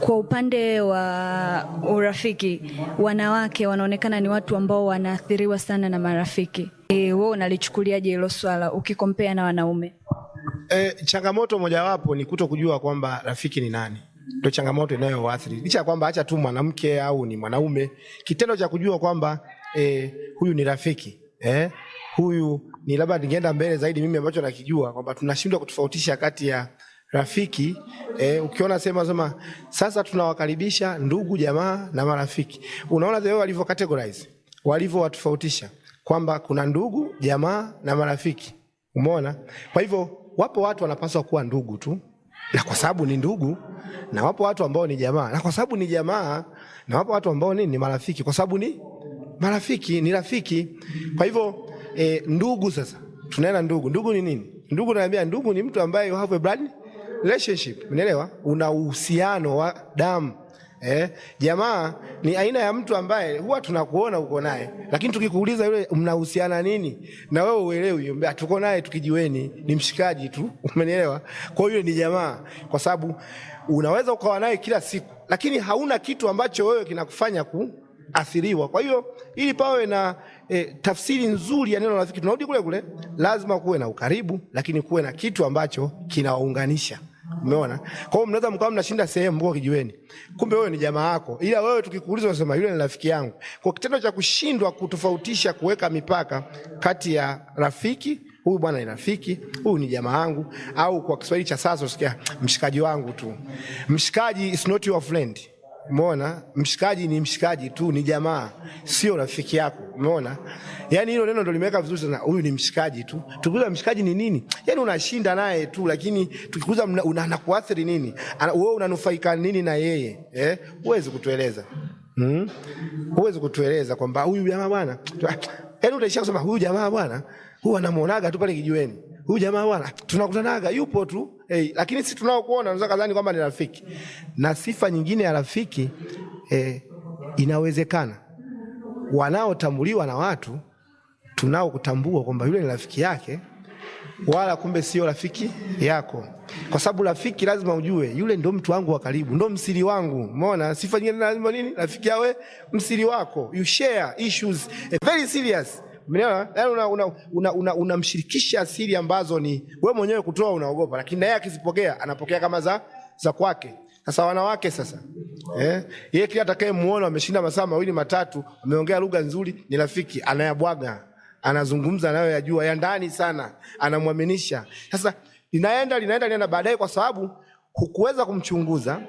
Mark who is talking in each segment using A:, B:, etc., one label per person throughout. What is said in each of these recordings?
A: kwa upande wa urafiki, wanawake wanaonekana ni watu ambao wanaathiriwa sana na marafiki. E, wewe unalichukuliaje hilo swala ukikompea na wanaume?
B: E, changamoto mojawapo ni kuto kujua kwamba rafiki ni nani ndo changamoto inayowaathiri licha ya kwamba acha tu mwanamke au ni mwanaume, kitendo cha kujua kwamba e, huyu ni rafiki e, huyu ni labda, ningeenda mbele zaidi, mimi ambacho nakijua kwamba tunashindwa kutofautisha kati ya rafiki eh, ukiona sema sema sasa tunawakaribisha ndugu jamaa na marafiki. Unaona the walivyo categorize, walivyo watofautisha kwamba kuna ndugu jamaa na marafiki. Umeona? Kwa hivyo wapo watu wanapaswa kuwa ndugu tu na kwa sababu ni ndugu, na wapo watu ambao ni jamaa na kwa sababu ni jamaa, na wapo watu ambao ni, ni marafiki kwa sababu ni marafiki, ni rafiki. Kwa hivyo eh, ndugu sasa tunaenda ndugu. Ndugu ni nini? Ndugu naambia, ndugu ni mtu ambaye you have a blood relationship, unaelewa, una uhusiano wa damu eh. Jamaa ni aina ya mtu ambaye huwa tunakuona uko naye, lakini tukikuuliza yule mnahusiana nini, na wewe uelewi, tuko naye tukijiweni, ni mshikaji tu, umenielewa? Kwa hiyo ni jamaa, kwa sababu unaweza ukawa naye kila siku, lakini hauna kitu ambacho wewe kinakufanya ku athiriwa. Kwa hiyo ili pawe na e, tafsiri nzuri ya neno rafiki, tunarudi kule kule, lazima kuwe na ukaribu, lakini kuwe na kitu ambacho kinawaunganisha. Umeona? Kwa hiyo mnaweza mkawa mnashinda sehemu mko kijiweni, kumbe wewe ni jamaa yako, ila wewe tukikuuliza unasema yule ni rafiki yangu. Kwa kitendo cha kushindwa kutofautisha, kuweka mipaka kati ya rafiki, huyu bwana ni rafiki, huyu ni jamaa yangu, au kwa Kiswahili cha sasa usikia mshikaji wangu tu. Mshikaji is not your friend. Umeona, mshikaji ni mshikaji tu, ni jamaa, sio rafiki yako. Umeona, yani hilo neno ndo limeweka vizuri sana, huyu ni mshikaji tu. Tukikuza mshikaji ni nini? Yani unashinda naye tu, lakini tukikuza anakuathiri nini? Wewe unanufaika nini na yeye eh? Huwezi kutueleza hmm? Huwezi kutueleza kwamba huyu jamaa bwana, yani utaishia kusema huyu jamaa bwana, huwa anamwonaga tu pale kijiweni huyu jamaa bwana tunakutanaga yupo tu hey, lakini si tunaokuona unaweza kadhani kwamba ni rafiki. Na sifa nyingine ya rafiki eh, inawezekana wanaotambuliwa na watu tunaokutambua kwamba yule ni rafiki yake, wala kumbe sio rafiki yako, kwa sababu rafiki lazima ujue yule ndo mtu wangu wa karibu, ndo msiri wangu. Umeona sifa nyingine lazima nini, rafiki awe msiri wako, you share issues eh, very serious Mnaelewa? Eh? Yaani unamshirikisha asili ambazo ni wewe mwenyewe kutoa unaogopa, lakini naye akizipokea anapokea kama za za kwake. Sasa wanawake sasa eh, yeye kila atakayemuona ameshinda masaa mawili matatu, ameongea lugha nzuri, ni rafiki anayabwaga, anazungumza nayo yajua ya ndani sana, anamwaminisha. Sasa linaenda linaenda linaenda, baadaye kwa sababu hukuweza kumchunguza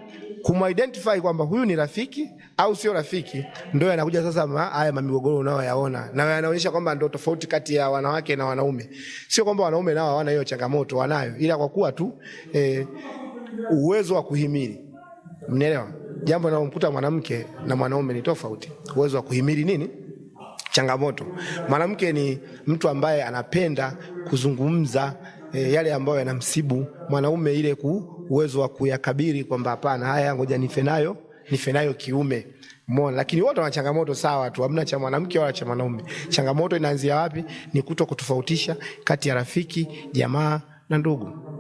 B: kumuidentify kwamba huyu ni rafiki au sio rafiki, ndio yanakuja sasa ma, haya mamigogoro unayoyaona na yanaonyesha kwamba ndio tofauti kati ya wanawake na wanaume. Sio kwamba wanaume nao hawana hiyo changamoto, wanayo, ila kwa kuwa tu eh, uwezo wa kuhimili, mnaelewa jambo linalomkuta mwanamke na mwanaume ni tofauti, uwezo wa kuhimili nini changamoto. Mwanamke ni mtu ambaye anapenda kuzungumza e, yale ambayo yanamsibu mwanaume, ile ku uwezo wa kuyakabiri kwamba hapana, haya ngoja nife nayo nife nayo kiume. Umeona, lakini wote wana changamoto sawa tu, hamna cha mwanamke wala cha mwanaume. Changamoto inaanzia wapi? Ni kuto kutofautisha kati ya rafiki, jamaa na ndugu.